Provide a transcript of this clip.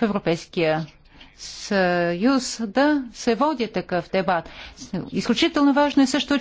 в Европейския съюз да се води такъв дебат. Изключително важно е също,